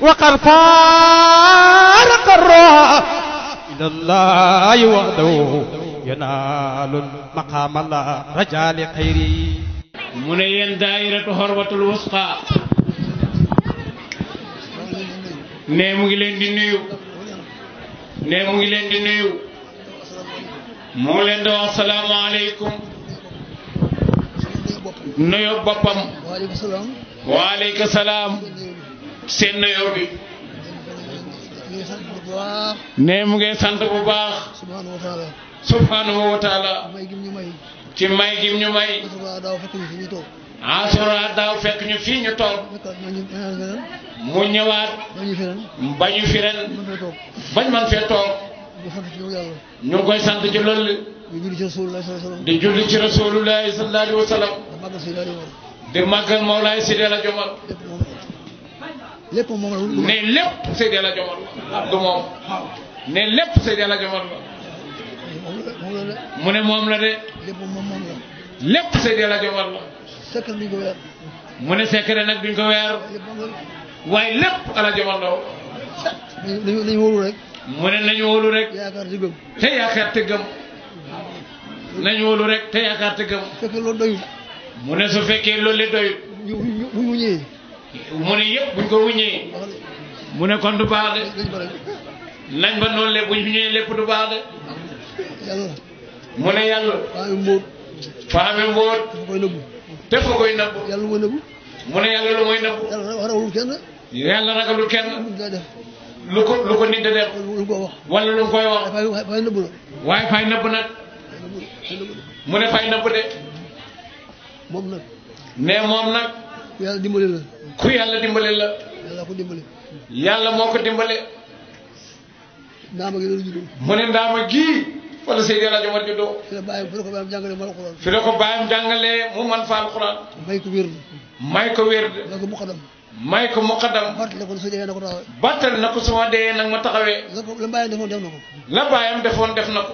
وقد فارق الروح إلى الله وحده ينال مقام الله رجال خيري من ين دائرة حربة الوسطى nee mu ngi leen di nuyu nee mu ngi leen di nuyu mu ngi leen di wax salaamaaleykum nuyu boppam waaleykum salaam seen na yow bi ne mu sant bu baax subhaanahu wa taala ci may gim ñu may asura daaw fekk ñu fii ñu toog mu ñëwaat bañu fi ren bañ man fee toog ñu ngi sant ci loolu di julli ci rasulullahi wa sallam di màggal Mawlaay Sidi El Hadj Omar lépp moom la ne lépp Seydi El Hadj Omar du moom ne lépp Seydi El Hadj Omar la mu moom la de lépp Seydi El Hadj Omar la mu ne secret nag biñ ko weer waaye lépp El Hadj Omar la dañu wóolu rek mu ne nañu wóolu rek te yaakaar te nañu wóolu rek te yaakaar te gëm mu ne su fekkee loolu doyul mu ñëwee mu ne yëpp buñ ko wuññee mu ne kon du baax de nañ ba noonu lépp buñ ñëwee lépp du baax de mu ne yàlla faame mbóot te fa koy nëbb yàlla yàlla lu mooy nëbb ragalul kenn yàlla ragalul kenn lu ko lu ko nit da def wala lu koy wax waaye fay nëbb nag mu ne fay nëbb de moom nag ne moom nag ku yàlla dimbale la. ku yàlla dimbale la. yàlla ko dimbale. yàlla moo ko dimbale. ndaama gi loolu juddoo. mu ne ndaama gii. wala Seydi El a Omar juddoo. fi la bàyyam fi la ko bàyyam jàngalee mu alxuraan. fi la ko bàyyam jàngalee mu man may ko wér. may ko wér. may ko muqadam. may ko muqadam. bàttali ko su na ko taxawee. bàttali na ko su ma dee nag ma taxawee. la ko la defoon def na ko. la bàyyam defoon def na ko.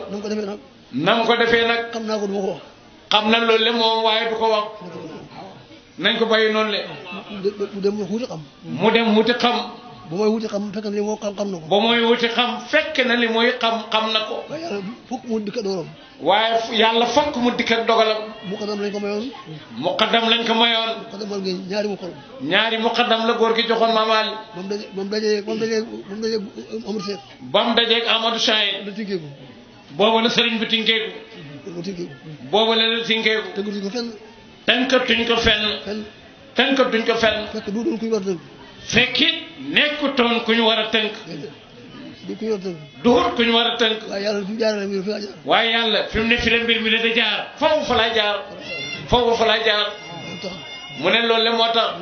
na mu ko defee nag. na xam naa ko du ma xam na loolu moom waaye du ko wax. nañ ko bàyyi noonu le mu dem wuti xam mu dem wuti xam ba mooy wuti xam fekk na li moo xam xam na ko na li mooy xam na ko waaye yàlla fokk mu dikk ak dogalam waaye yàlla fokk mu dikk ak dogalam muqaddam lañ ko mayoon muqaddam lañ ko mayoon muqaddam wal gi ñaari ñaari muqaddam la góor gi joxoon maamaali ba mu dajee ba mu dajee ba mu dajee ba mu dajee ba mu dajee ak Amadou Chaye la tinkeeku booba la sëriñ bi tinkeeku booba la tënkatuñ ko fenn tënkatuñ ko fenn fekk du doon ku ñu war a tënk fekkit nekkutoon ku ñu war a tënk du ku ñu war a tënk duut ñu war a tënk waaye yàlla fi mu jaarale mbir mi la jaar waaye yàlla fi mu ne fi la mbir mi da jaar foofu fa laa jaar foofu fa laa jaar mu ne loolu la moo tax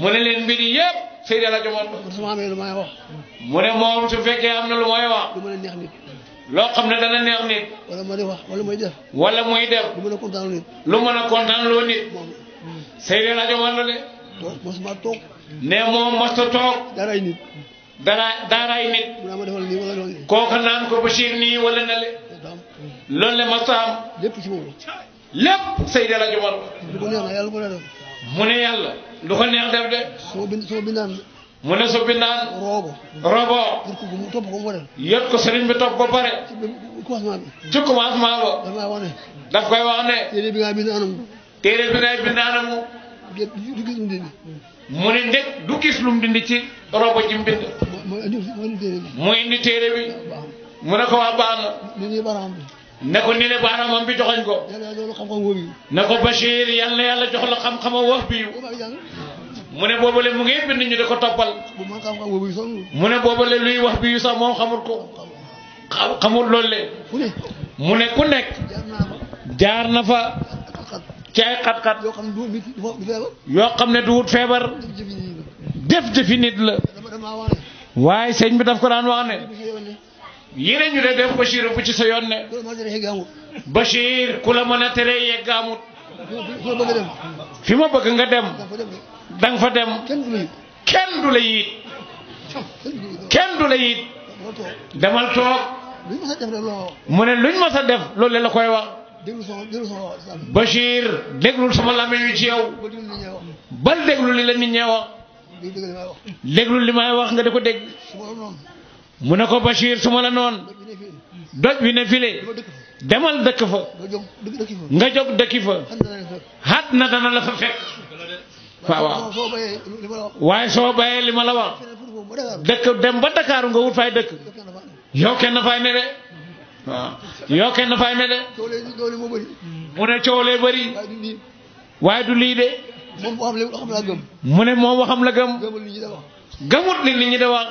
mu ne leen mbir yëpp Seydi El Hadji Omar mu ne moom fekkee am na lu mooy wax loo xam ne dana neex nit. wala ma di wax wala muy def. wala muy def. lu mën a kontaan nit. lu mën a kontaan loo nit. Seydina Diop war na de. mosuma toog. ne moom mosta toog. daaray nit. dara daaray nit. kooka naan ko Bachir nii wala na le. loolu la mosta am. lépp ci moom la. lépp Seydina Diop war. lu ko neex na yàlla ko neex mu ne yàlla. lu ko neex def de. soo bind soo mu ne su bi naan. roobo roobo. ko mu yot ko sëriñ bi topp ba pare. ci commencement bi. ci daf koy wax ne. téere bi nga bind anamu. bi ngay bind mu ne njëkk du gis lu mu dindi ci roobo ji mu indi téere bi. mu ne ko wax baax ne ko ni ne baaraamam bi joxoñ ko. ne ko Bachir yal na yàlla jox la xam-xama wax bi. mu ne boobale mu ngi bind ñu de ko toppal. mu ne boobale luy wax bi yu sax moom xamul ko. xamul loolu le mu ne ku nekk. jaar na fa. ci ay xat-xat. yoo xam ne du feebar. def jëfi nit la. waaye sëñ bi daf ko daan wax ne. yéen ñu de def Bachir bu ci sa yoon ne. Bachir ku la mën a teree yeggaamut. fi ma bëgg nga dem. da nga fa dem kenn du la yit demal toog mu ne luñ ma sa def loolu la koy wax Bachir déglul sama làmmiñ wi ci yow bal déglu li la nit ñee wax déglul li may wax nga di ko dégg mu ne ko Bachir su ma la noon doj bi ne file demal dëkk fa nga jóg dëkki fa xat na dana la fa fekk waaw waaye soo bayee li ma la wax dëkk dem ba Dakar nga wut fay dëkk yow kenn fay ne de waaw yow kenn fay ne de mu ne coow lee bëri waaye du lii de mu ne moom waxam la gëm gëmut li nit ñi de wax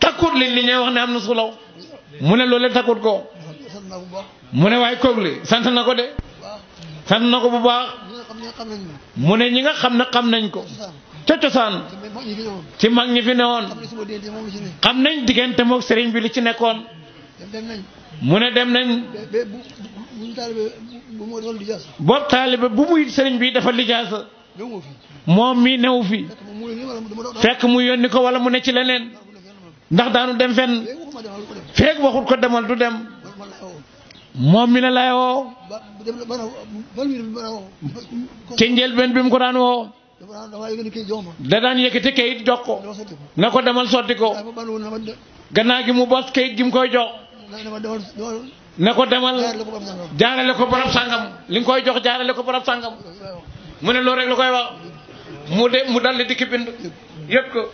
takkut li nit ñi wax ne am na sulaw mu ne loolu takkut ko mu ne waaye koog li sant na ko de sant na ko bu baax mu ne ñi nga xam ne xam nañ ko ca cosaan ci mag ñi fi newoon xam nañ diggante mook sëriñ bi li ci nekkoon mu ne dem nañ boobu taalibe bu muy sëriñ bi dafa lijaasa moom mii newu fi fekk mu yónni ko wala mu ne ci leneen ndax daanu dem fenn feek waxut ko demal du dem moom mi ne lay woo. ca njëlbeen bi mu ko daan woo. da daan yëkkati kayit jox ko. na ko demal sotti ko. gannaaw gi mu bos kayit gi mu koy jox. na ko demal jaarale ko barab sàngam li koy jox jaarale ko barab sàngam mu ne loolu rek la koy wax mu de mu di dikki bind yëpp ko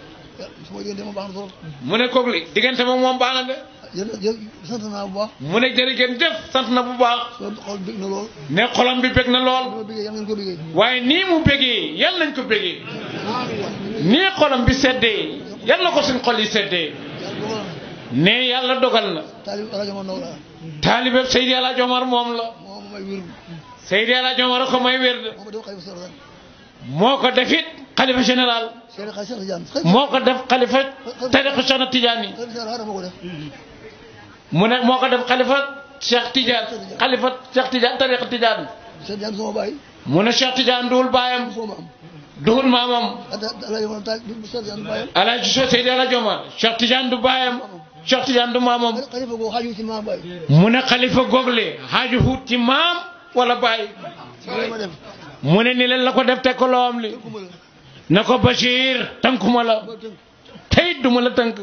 mu ne kooku li diggante moom moom baax jërëjëf sant naa bu baax. mu ne jërëjëf jëf sant na bu baax. xol bég na lool. ne xolam bi bég na lool. waaye nii mu bégee yal nañ ko bégee. nii xolam bi seddee yal na ko suñ xol yi ne yàlla dogal na. taalibe Seydi El Hadj Omar moom la. Seydi El Hadj Omar ko may wér. moo ko def it xalifa général. moo ko def xalifa tariqa Cheikh Tidiane. mu ne moo ko def xalifa Cheikh Tidiane xalifa Cheikh Tidiane tariqa Tidiane. Cheikh Tidiane sama baay. mu ne Cheikh Tidiane duwul baayam. duwul maamam. Alaaji Seydi Alaaji Omar Cheikh Tidiane du baayam. Cheikh Tidiane du maamam. mu ne xalifa google xaaju wut ci maam wala baay. mu ne ni leen la ko def teg ko loom li. na ko Bachir tënkuma la. tey duma la tënk.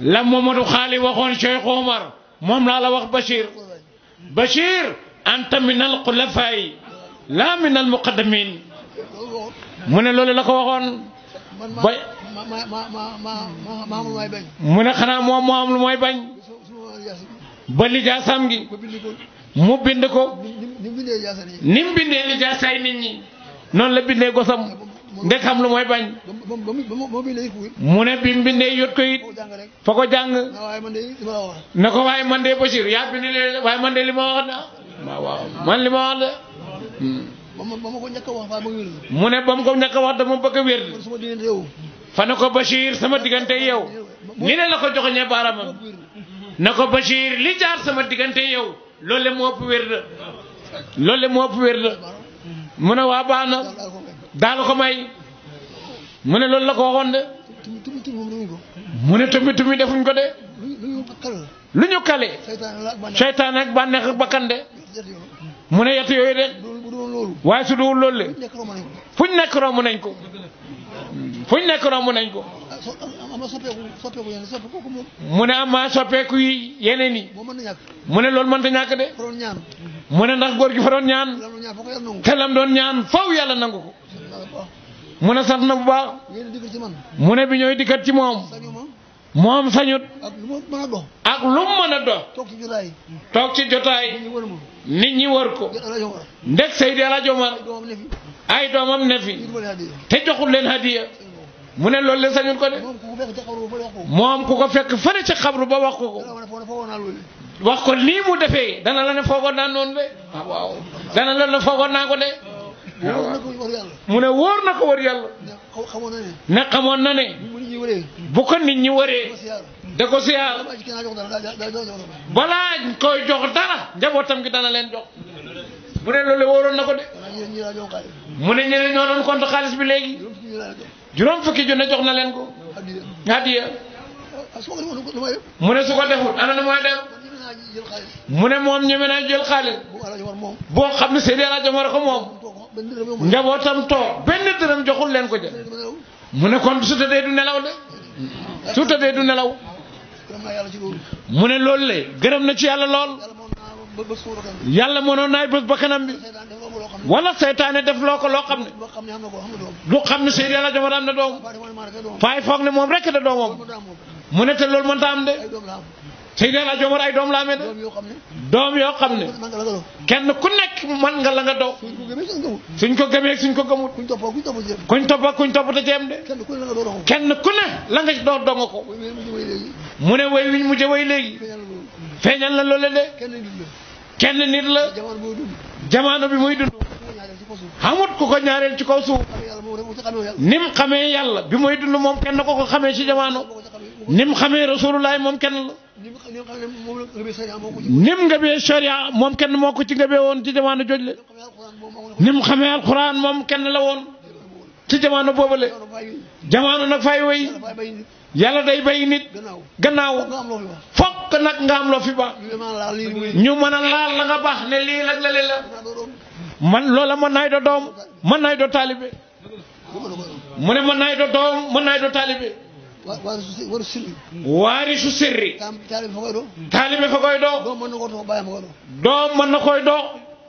la Momadou Xaali waxoon Cheikh Omar moom laa la wax Bachir Bachir anta minal xulafaayi laa minal muqaddamin mu ne loolu la waxoon ba mu ne xanaa moom moo am lu mooy bañ ba lijaasam gi mu bind ko ni mu bindee lijaasaay la bindee gosam ndek xam lu mooy bañ. mu ne bi mu bindee yot ko it foo ko jàng na ko waaye man de Bachir yaa bind waaye man de li ma wax na man li ma wax de. mu ne ba mu ko ñàkk a wax dama bëgg a wér. fa ne ko Bachir sama diggante yow ni ne la ko joxoñee baaraamam na ko Bachir li jaar sama diggante yow loolu la moo ëpp wér la loolu la ëpp wér la mu ne waa baax na. daal ko may mu ne loolu la ko waxoon de mu ne tumi tumi defuñ ko de lu ñu kale seytaan ak bànneex ak bakkan de mu ne yett yooyu de waaye su duwul loolu le fu nekk romb nañ ko fu ñu nekk romb nañ ko mu ne maa soppeeku yi yeneen yi mu ne loolu mënta ñàkk de mu ne ndax gor gi fa doon ñaan te lam doon ñaan faw yàlla nangu ko mu ne sant na bu baax mu ne bi ñooy dikkat ci moom moom sañut ak lu mu mën a do toog ci jotaay nit ñi wër ko ndeg Seydi El Hadji Omar ay doomam ne fi te joxul leen hadiya mu ne loolu la sañul ko de moom ku ko fekk fële ca xabru ba wax ko ko wax ko nii mu defee dana la ne foogoon naa noonu de dana la ne foogoon naa ko de mu ne wóor na ko war yàlla. ne xamoon na ne. bu ko nit ñi waree. da ko siyaar. balaa ñu koy jox dara njabootam gi dana leen jox. bu ne loolu na ko de. mu ne ñeneen ñoo doon xaalis bi léegi. juróom fukki junne jox na leen ko. hadiya. su ko deful ana na mooy def. mu ne moom ñeme naa jël xaalis. boo xam ne Seydi El Hadji Omar ko moom. njabootam toog benn dërëm joxul leen ko jël mu ne kon su tëddee du nelaw de su tëddee du nelaw mu ne lool le gërëm na ci yàlla lool yàlla mënoon naay bés ba kanam bi wala seytaane def loo ko loo xam ne du xam ne Seydi Yàlla Jamar am na doom faay foog ne moom rek da doomam mu ne te loolu mënta am de Seydina El Hadj Omar ay doom la amee de. doom yoo xam ne. doom yoo kenn ku nekk man nga la nga dow. suñ ko gëmee suñ ko gëmut. kuñ topp kuñ topp kuñ topp kuñ topp te jeem de. kenn ku ne la nga doo donga ko. mu ne way wiñ mujj way léegi. feeñal la loole de. kenn nit la. jamono bi muy dund. xamut ku ko ñaareel ci kaw suuf. ni mu xamee yàlla bi muy dund moom kenn ko ko xamee ci jamono. ni mu xamee rasulullaay moom kenn la. nim xam ne moom moo ko ci. nim kenn moo ko ci ngëbee woon ci jamono joj le. nim xamee alxuraan moom kenn la woon. ci jamono boobale. jamono nag fay way yàlla day bay nit. gannaaw fokk nag nga am loo fi baax. ñu mën a laal la nga baax ne lii la lee la. man loola ma naay do doom mën naay do taalibe. mu ne mën naay do doom mën naay do taalibe. waru sirri waarisu sirri taalibe fakoy ɗo taalibe fakoy ɗo doom man nangoo topp baayam fakoy ɗo doom man na koy ɗo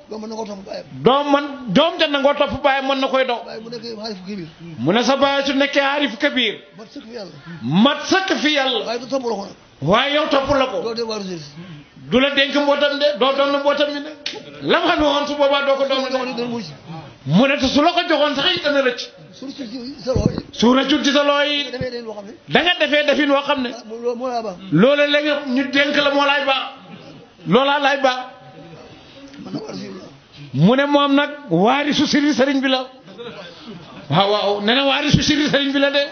doom man nangoo topp baayam doom man na te nangoo topp baayam man na koy ɗo mu nekk haarifu kabir mu ne sa baay su nekkee haarifu kabir mat sëkk fi yàlla mat sëkk fi yàlla waaye du topp la ko nag waaye yow topp la ko doo dee waaru sirri du la dénk mbootam doo doon mbootam mi de lam xam ne mu ne te su la ko joxoon sax it dana rëcc. suuna jur ci sa loo yi. da nga defee defin woo xam ne. loola léegi ñu dénk la moo laay baax loolaa laay baax mu ne moom nag waari su siri sëriñ bi la waaw waaw nee na waari su siri sëriñ bi la de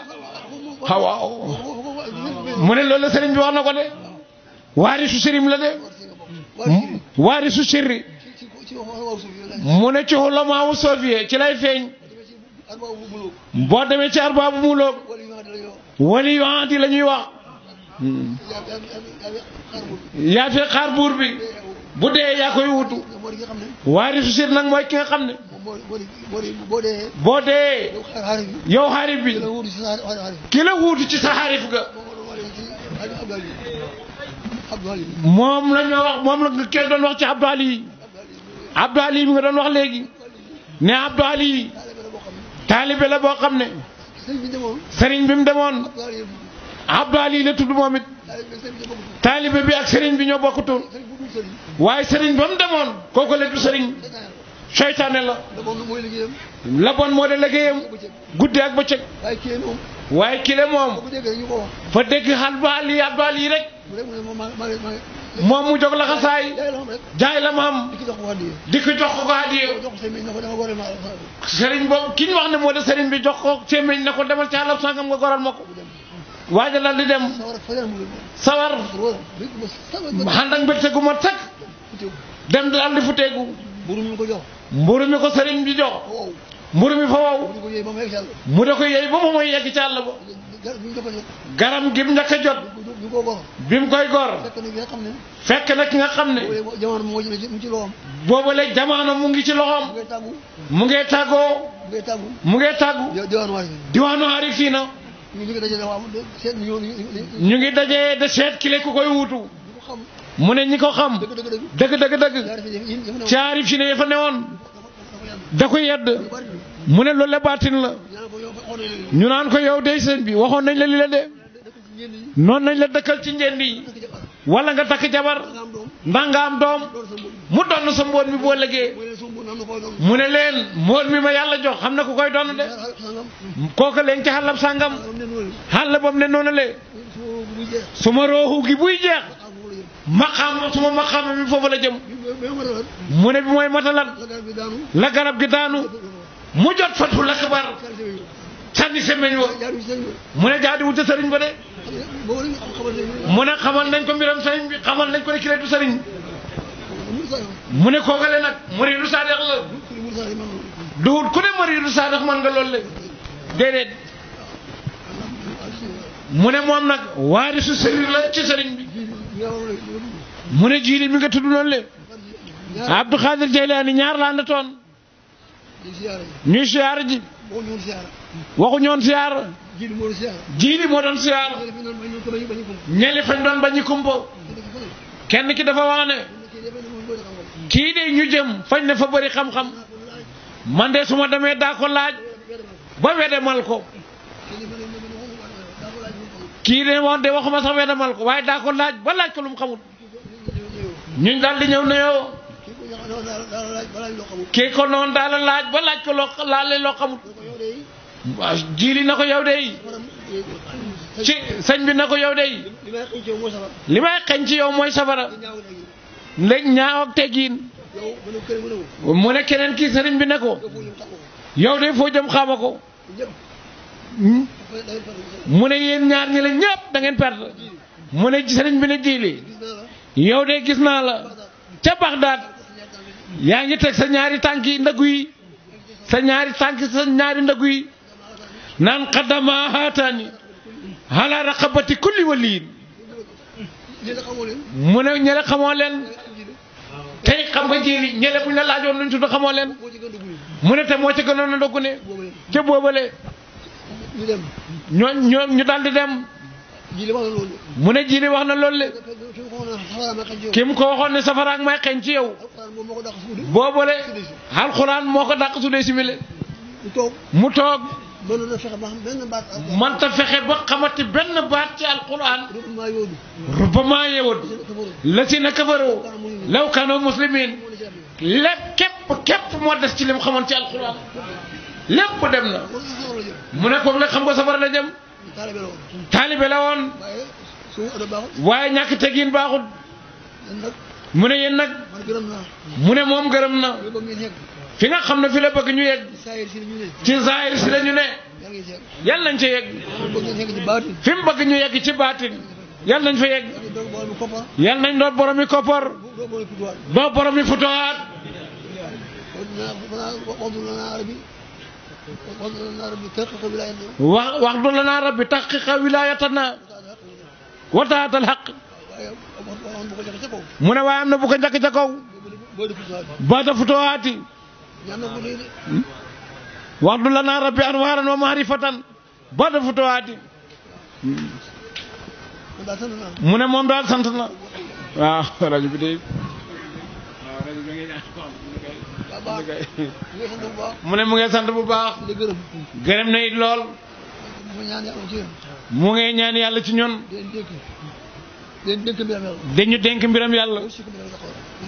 waaw waaw mu ne loolu la sëriñ bi wax na ko de waari su sëriñ la de waari su siri. mu ne ci xulamaa wu sofiye ci lay feeñ boo demee ci arbaabu mulóog wali yu anti la ñuy wax yaa fi xaar buur bi bu dee yaa koy wutu waarisu sir nag mooy ki a xam ne boo dee yow xarif bi ki la wuutu ci sa xarif ga moom la ñu wax moom la kenn doon wax ci Abdou Ali Abdou Ali bi nga doon wax léegi ne Abdou Ali taalibe la boo xam ne sëriñ bi mu demoon Abdou Ali la tudd moom it taalibe bi ak sëriñ bi ñoo bokkutoon waaye sëriñ ba mu demoon kooku la du sëriñ seytaane la la moo de liggéeyam guddi ak bëccëg waaye kile moom fa dégg Abdou Ali Abdou rek. moom mu jóg laxasaay jaay la mu am di ko jox ko ko addiya sëriñ boobu ki wax ne moo de sëriñ bi jox ko sémmiñ na ko demal ci àllam sangam nga goral ma ko waaja dal di dem sawar xànd ak mbégte gu ma teg dem dal di futeegu mburu mi ko sëriñ bi jox mburu mi fa wow mu da ko yey ba mu mooy yegg ci garam gi mu njëkk a jot bi mu ko koy gor. fekk na ki nga xam ne. fekk na ki nga xam ne. jamono mu ngi ci boobale jamono mu ngi ci loxoom. mu ngay tàggu. mu ngay tàggoo. mu ngay mu ngay tàggu. diwaanu aari. diwaanu ñu ngi daje da seet ki ngi ko de seet kile koy wuutu. mu ne ñi ko xam. dëgg dëgg dëgg. caari fi ne ya fa newoon. da koy yedd. mu ne loolu la baatin la. ñu naan ko yow dey sëñ bi waxoon nañ la li la de. noonu nañ la dëkkal ci njënd yi wala nga takk jabar ndax nga am doom mu donn sa mbóot mi boo lëgee mu ne leen mbóot mi ma yàlla jox xam na ko koy donn de kooka leen ci xàllab sàngam xàll bam ne noonu le suma rooxu gi buy jeex maqaam suma ma mi foofu la jëm mu ne bi mooy matalan la garab gi daanu mu jot fatul akbar sànni semmeñ wa mu ne jaadi wut sëriñ ba de mu ne nañ ko mbiram sëriñ bi xamal nañ ko ne ki du sëriñ mu ne kookale nag muriidu saadex la duwut ku ne muriidu saadex man nga loolu le déedéet mu ne moom nag waarisu sëriñ la ci sëriñ bi mu ne jiili mi nga le Abdou Khadir Jeylaani ñaar la àndatoon ñuy siyaara ji waxu ñoon siyaar jiili moo doon siyaar ñeli fañ doon bañi kumpo kenn ki dafa wax ne kii de ñu jëm fañ ne fa bari xam-xam man de su ma demee daa ko laaj ba mal ko kii de wax de waxuma sax mal ko waaye daa ko laaj ba laaj ko lu mu xamul daal di ñëw nuyoo kii ko ba laaj ko laale loo xamul waaw jiili na ko yow dey ci sëñ bi na ko yow de li may xeñ ci yow mooy safara léegi ñaaw ak teggiin mu ne keneen kii sëriñ bi na ko yow de foo jëm xaama ko mu ne yéen ñaar ñi la ñëpp da ngeen perte mu ne sëriñ bi ne jiili yow de gis naa la ca Baxdaad yaa ngi teg sa ñaari tànk yi ndëggu yi sa ñaari tànk sa ñaari ndëggu yi naan xaddama haataani ala raqabati kulli waliin mu ne ñele xamoo leen tey xam nga jéeri ñele buñ la laajoon nuñ tudd xamoo leen mu ne te moo ci gënoon a doggu ne ca boobale ñoo ñu daal di dem mu ne jiili wax na loolu le ki mu ko waxoon ne safaraak may xeeñ ci yow boobale alxuraan moo ko dàq su simile mu toog mënul a fexe ba xam benn baat. mënta fexe ba xamati benn baat ci alquran. rubamaa yoodu. rubamaa yoodu. la si na kafaroo. law kaanoo muslimin. lépp képp képp moo des ci li mu xamoon ci alquran. lépp dem na. mu ne ko nag xam nga safara la jëm. taalibe la woon. waaye ñàkk tegiin baaxul. mu ne yéen nag. mu ne moom gërëm na. fina xamna fi la bëgg ñu yegg ci zahir ci lañu ne yalla lañ ci yegg fim bëgg ñu yegg ci batin yalla lañ fa yegg yalla lañ do borom mi koppor do borom mi futuat wax wax du la naa rabbi taqiqa wilayatana wataat al xaq mu ne waaye bu ko njëkk ca kaw boo da futowaati Hmm? wardu lana rabbi anwaran wa ma'rifatan bada futuhati mu ah, ne moom daal sant na waaw rajo bi de mu ne mu ngi sant bu baax gërëm na it lol mu ngi ñaan yàlla ci ñun dañu dénk mbiram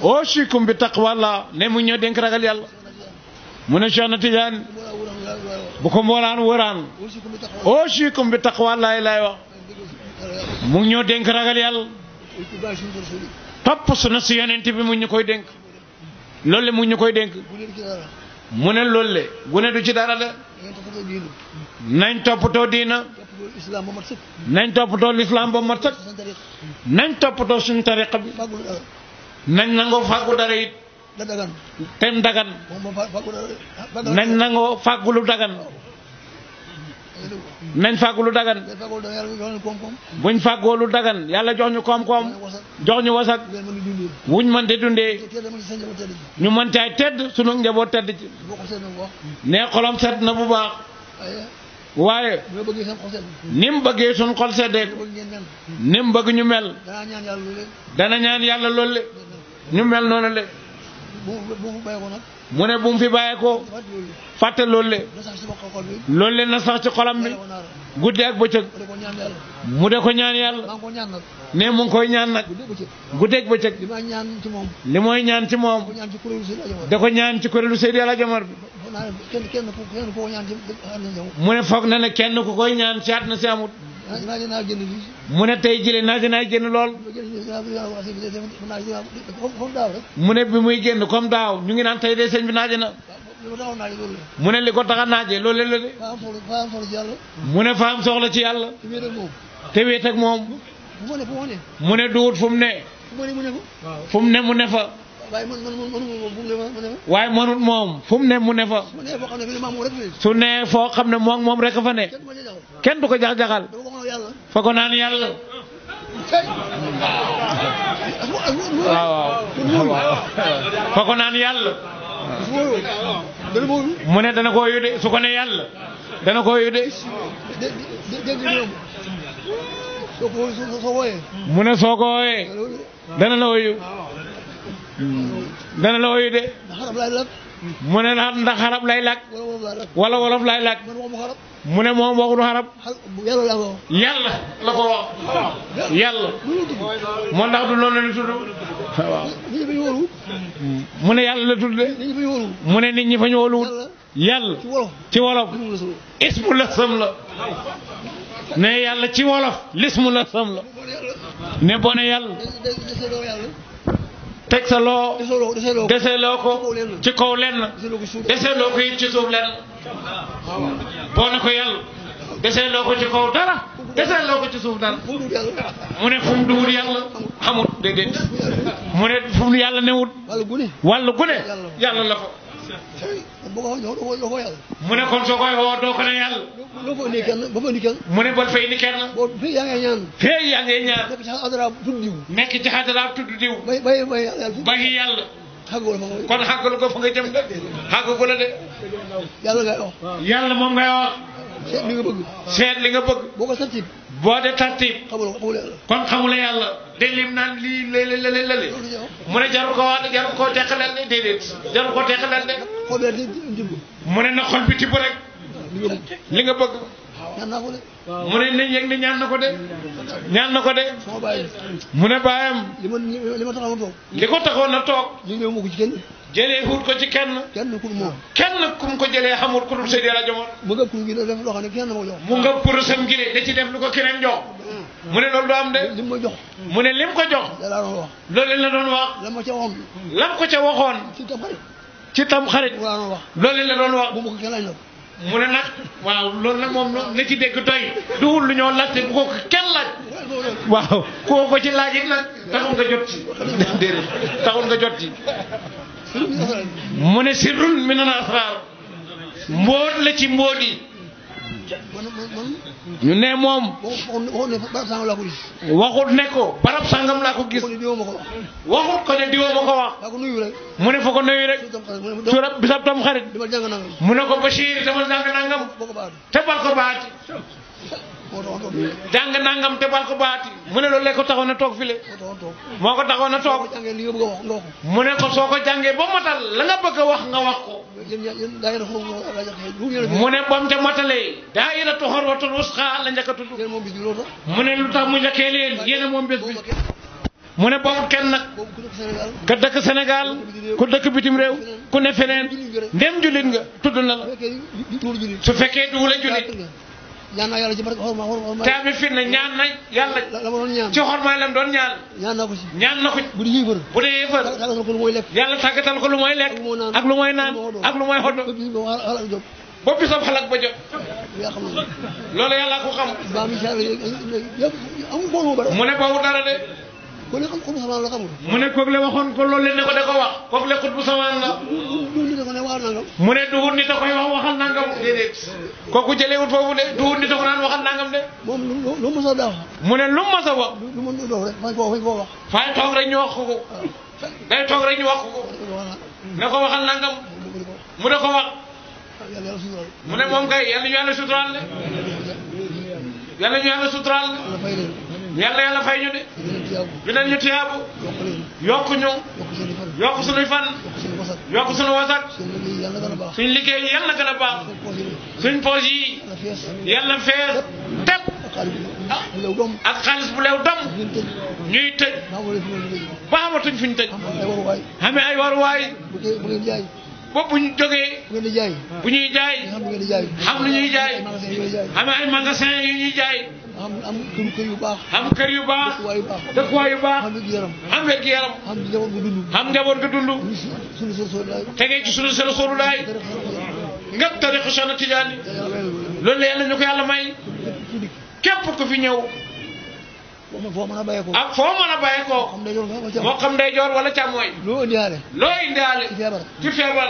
o bi taqwa la ne mu ñoo dénk ragal mu ne Cheikh na Tijaan bu ko mooraan wëraan oo siikum bi taqwa laay laay wa mu ngi ñoo dénk ragal yàlla topp suna si yonent bi mu ñu koy dénk loolu mu ñu koy denk mu ne loolu le gune du ci dara de nañ toppatoo diina nañ toppatoo lislaam ba nañ toppatoo suñu tariqa bi nañ nangoo fàggu dara it da dagan tem dagan nañ nangoo fàggulu dagan nañ fagulu dagan buñ fàggoolu dagan yalla joxñu kom kom joxñu wasak buñ man de dundé ñu man tay tedd suñu njaboot tedd ci né xolam set na bu baax waye nim bëggé bëggee suñ xol sédé nim bëgg ñu mel dana ñaan yalla lolé ñu mel nonalé bu mu bàyyeekoo nag. mu ne bu mu fi bàyyeekoo. fàtte loolu le. loolu le na sax ci xolam bi. guddi ak bëccëg. mu de ko ñaan yàlla. ne mu ngi koy ñaan nag. guddi ak bëccëg. li mooy ñaan ci moom. li mooy ñaan ci moom. da ko ñaan ci kuréelu Seydi El Hadji Omar bi. mu ne foog na ne kenn ku koy ñaan ci àdduna si amut. mu ne tey jëlee naa dinaa génn lool. mu ne bi muy génn comme daaw ñu ngi naan tey de sëñ bi naaje na. mu ne li ko tax a naaje loolu la de. mu ne faam soxla ci yàlla. te wéet ak moom. mu ne duut fu mu ne. fu ne mu ne fa. waaye man man mu ne manut moom fu ne mu ne fa. su foo xam ne moom moom rek fa ne. kenn du ko jax jaxal. fa ko naan yàlla. waaw ko naan yàlla. mu ne dana ko yude su ko ne yàlla. dana ko yude. mu ne soo ko wooyee. dana la wuyu. dana la woyu de. mu ne ndax ndax xarab lay lakk. wala wolof lay lakk. mu ne moom waxuñu xarab. yàlla la ko wax. yàlla. moo ndax du noonu la ñu mu ne nit ñi fa ñu wóoluwul. yàlla ci wolof. ismu la sam ne yàlla ci wolof. lismu la sam la. ne bone yàlla. teg sa loo deseloo ko ci kaw lenn deseloo ko it ci suuf lenn boo ne ko yàlla deseloo ko ci kaw dara deseloo ko ci suuf dara mu ne fu mu duwul yàlla xamut déedéet mu ne fu mu yàlla newut wàllu gune yàlla la ko bu a xool doo ko yàlla. mu ne kon soo koy xool doo ko ne yàlla. loo fa indi kenn boo fa indi kenn. mu ne bal fay indi kenn. boo fii yaa ngay ñaan. fii moom ngay seet li nga bëgg. seet li nga bëgg. boo ko seet boo dee tartib. kon xamula yàlla. de lim naan lii lële la lële. mu ne jaru ko waa jaru koo teqalal de déedéet jaru koo teqalal de. mu ne na xol bi tibb rek. li nga bëgg. mu ne nañ yëg ne ñaan na ko de. ñaan na ko de. mu ne baayam. li ko taxoon na toog. li ko taxoon na toog. jëlee wut ko ci kenn. kenn ku moom. kenn kum ko jëlee xamul ku dul Seydi El Hadji Omar. mu ngëb kurus gi def loo xam ne moo jox. mu ngëb kurusam gi da ci def lu ko keneen jox. Mm. mu ne loolu du am de. lim ma jox. mu ne lim ko jox. loolu la ko ca waxoon. lam ko ca waxoon. ci tam xarit. ci tam xarit. loolu la doon wax. bu ko kenn laaj nag. mu ne nag waaw loolu nag moom na ci dégg doy. du wul lu ñoo laajte bu ko kenn laaj. waaw koo ko ci laaj it nag taxul nga jot ci. déedéet taxul nga jot ci. mu ne sirrun min al asraar mbóot la ci mbóot yi ñu ne moom waxut ne ko barab sangam laa ko gis mu ne fa ko rek curab bisab tam mu ne ko Bachir dama jàng nangam te bal baat jang nangam te bal ko baati mune lo le ko taxoon a toog file moko ko taxoon a toog ko soko jange bo matal la nga bëgg wax nga wax ko mune bam te matalee daayira toxor watul wusxa la njëkk tuddu mune mu lu tax mu njëkkee leen yene mom bes bi mune bo ken nak nag ka dëkk Sénégal ku dëkk bitim rew ku ne feneen dem julit nga tuddu na la su fekke du wala julit ñaan naa yàlla ci barke xorma xorma. taa bi fi ne ñaan na yàlla. la ma doon ñaan ci xormaay la mu doon ñaan. ñaan na ko ci ñaan na ko ci. bu dee yéefar bu dee yéefar. tàggatal ko lu mooy lekk. yàlla tàggatal ko lu mooy lekk. ak lu mooy naan ak lu mooy xodo. bopp bi sa xalaat ba jot. loolu yàlla ko xam. ba mi saa yëpp amul mu ne boobu dara de. ku ne xam la. mu ne duhut nit a koy wax waxal nangam. ku kooku jëleewut foofu de duhut nit a ko naan waxal nangam de. moom lu mu mës a wax. mu ne lu mu mës a wax. lu mu doon rek wax. fañ ko ko. Ah. day toog rek wax ko ne ko waxal nangam. mu ne ko wax. mu ne moom kay yàlla ñu yàlla suturaal de. yàlla ñu yàlla de. yàlla yàlla fay ñu de. dinañ ñu tiyaabu yokk ñu yokk suñuy fan yokk suñu wasak suñ liggéey yàlla na gën a baax suñ poos yi yàlla fees tëpp ak xaalis bu leew dom ñuy tëj ba xamatuñ fi ñu tëj xamee ay waruwaay bopp bu ñu jógee bu ñuy jaay xam lu ñuy jaay xamee ay magasin yu ñuy jaay am am kër yu baax. am kër yu baax. dëkkuwaay yu baax dëkkuwaay yu baax. am wér gu yaram am wér gu yaram. am njaboot nga dund. am njaboot nga dund. sunu sunu sunu laay. te ngay ci sunu sunu sunu laay. nga tariqu Cheikh Tidiane. loolu la yàlla ñu ko yàlla may. képp ku fi ñëw. foo mën a bàyyi ko ak foo mën a bàyyi ko moo xam day joor wala càmmooy loo indiaale loo indiaale ci feebar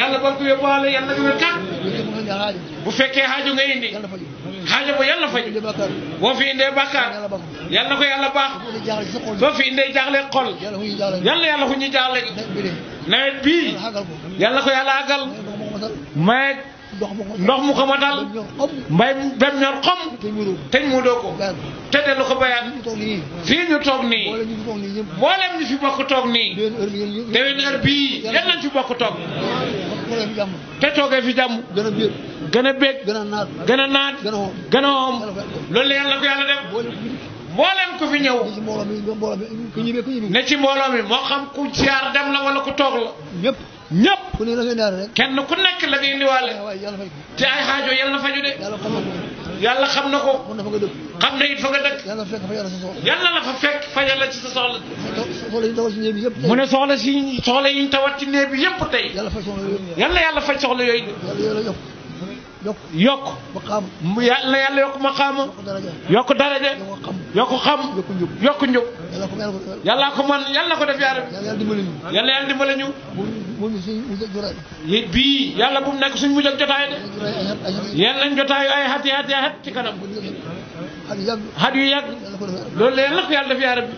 yàlla ba ko yóbbaale yàlla na ko wér kat bu fekkee xaaju nga indi xaaja bo yàlla faju boo fi indee bàkkaar yàlla na ko yàlla baax boo fi indee jaaxle xol yàlla yàlla fu ñu jaaxle nawet bii yàlla ko yàlla àggal may ndox mu ko ma dal mbay bem ñor xom teñ mu doo ko te dellu ko bayaan fii ñu toog nii mboolem ñu fi bokk toog nii déwén heure bii yàlla nañ fi bokk toog te toogee fi jàmm gën a bég gën a naat gën a naat gën a oom loolu la yàlla ko yàlla def mboolem ku fi ñëw ne ci mbooloo mi moo xam ku ziar dem la wala ku toog la ñëpp ñëpp kenn ku nekk la ngay indiwaale te ay xaajo yàlla na faju de yàlla xam na ko xam na it fa nga dëkk yàlla la fa fekk fajal la ci sa soxla mu ne soxla si soxla yi ñu tawat ci néeg bi yëpp tey yàlla yàlla faj soxla yooyu de yokk mu yàlla yàlla yokk maqaama yokk daraja yokk xam yokk njub yàlla ko man yàlla ko def yaara bi yàlla yàlla dimbale ñu bii yàlla bu mu nekk suñ mujj ak jotaay de yàlla nañ jotaayu ay xat yi xat yi ci kanam xat yu yàgg loolu la yàlla ko yàlla def yaara bi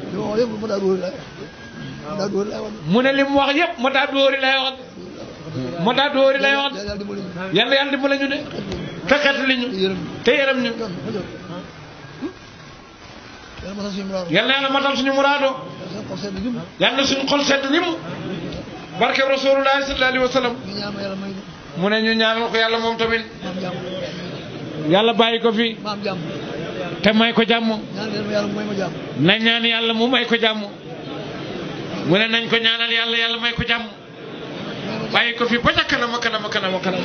mu ne li mu wax yëpp ma daa dóori lay wax moo tax dóori lay wax de yàlla yàlla dimbale ñu de te xet li ñu te yërëm ñu yàlla yàlla matal suñu muraado yàlla suñu xol sedd ni mu barke rasulullah mu ne ñu ñaanal ko yàlla moom tamit yàlla bàyyi ko fi te may ko jàmm na ñaan yàlla mu may ko jàmm mu ne nañ ko ñaanal yàlla may ko jàmm bàyyi ko fi ba ca kanam a kanam a kanam a kanam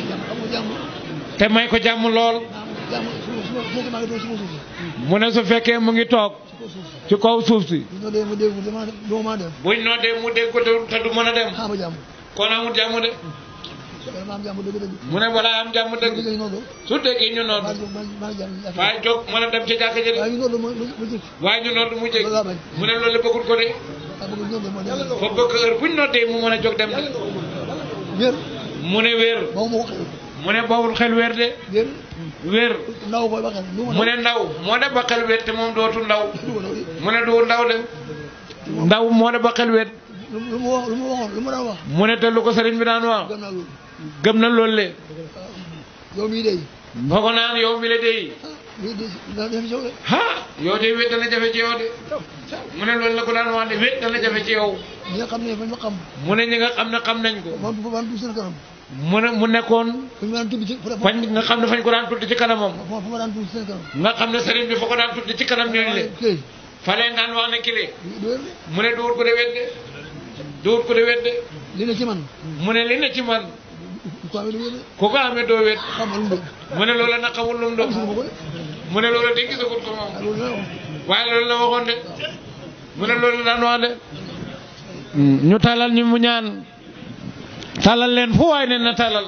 te may ko jàmm lool mu ne su fekkee mu ngi toog ci kaw suuf si buñ noddee mu dégg ko te du mën a dem kon amul jàmm de mu ne balaa am jàmm dëgg su déggee ñu nodd waaye jóg mën a dem ci jàkka ji de waaye ñu nodd mu jég mu ne loolu bëggul ko de fa bëgg heure buñ noddee mu mën a jóg dem de wér. mu ne wér. mu ne bawul xel wér de. wér. mu ne ndaw moo de ba xel wér te moom dootu ndaw. mu ne du ndaw de. ndaw moo ne ba xel wér. lu mu wax lu mu wax. mu ne te lu ko sëriñ bi daan wax. gëm na lool le. yow mii de. yow mii la de. ah yow de wéet jafe ci yow de. mu ne loolu la ko daan wax de wéet jafe ci yow. ñi nga xam ne xam mu ne ñi nga xam ne xam nañ ko man du seen kanam mu ne mu nekkoon fañ nga xam ne fañ ko daan tudd ci kanamam nga xam ne sëriñ bi fa ko daan tudd ci kanam ñooñu le fa leen daan wax ne kile mu ne duur ko de wedde duur ko de wedde li ci man mu ne li na ci man ku ko amee doo wet mu ne loola na xamul lum doon mu ne loola dégg gisagut ko moom waaye loolu mu ne loolu daan wax de ñu talal ñu mu ñaan talal leen fu waay ne na talal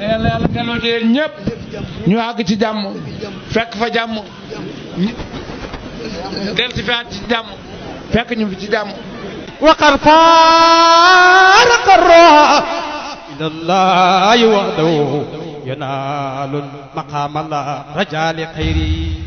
yàlla ñu àgg ci jàmm fekk fa jàmm del si faat ci jàmm fekk ñu fi ci jàmm وقرفار قراء إلى الله وحده ينال مقام الله رجاء خيري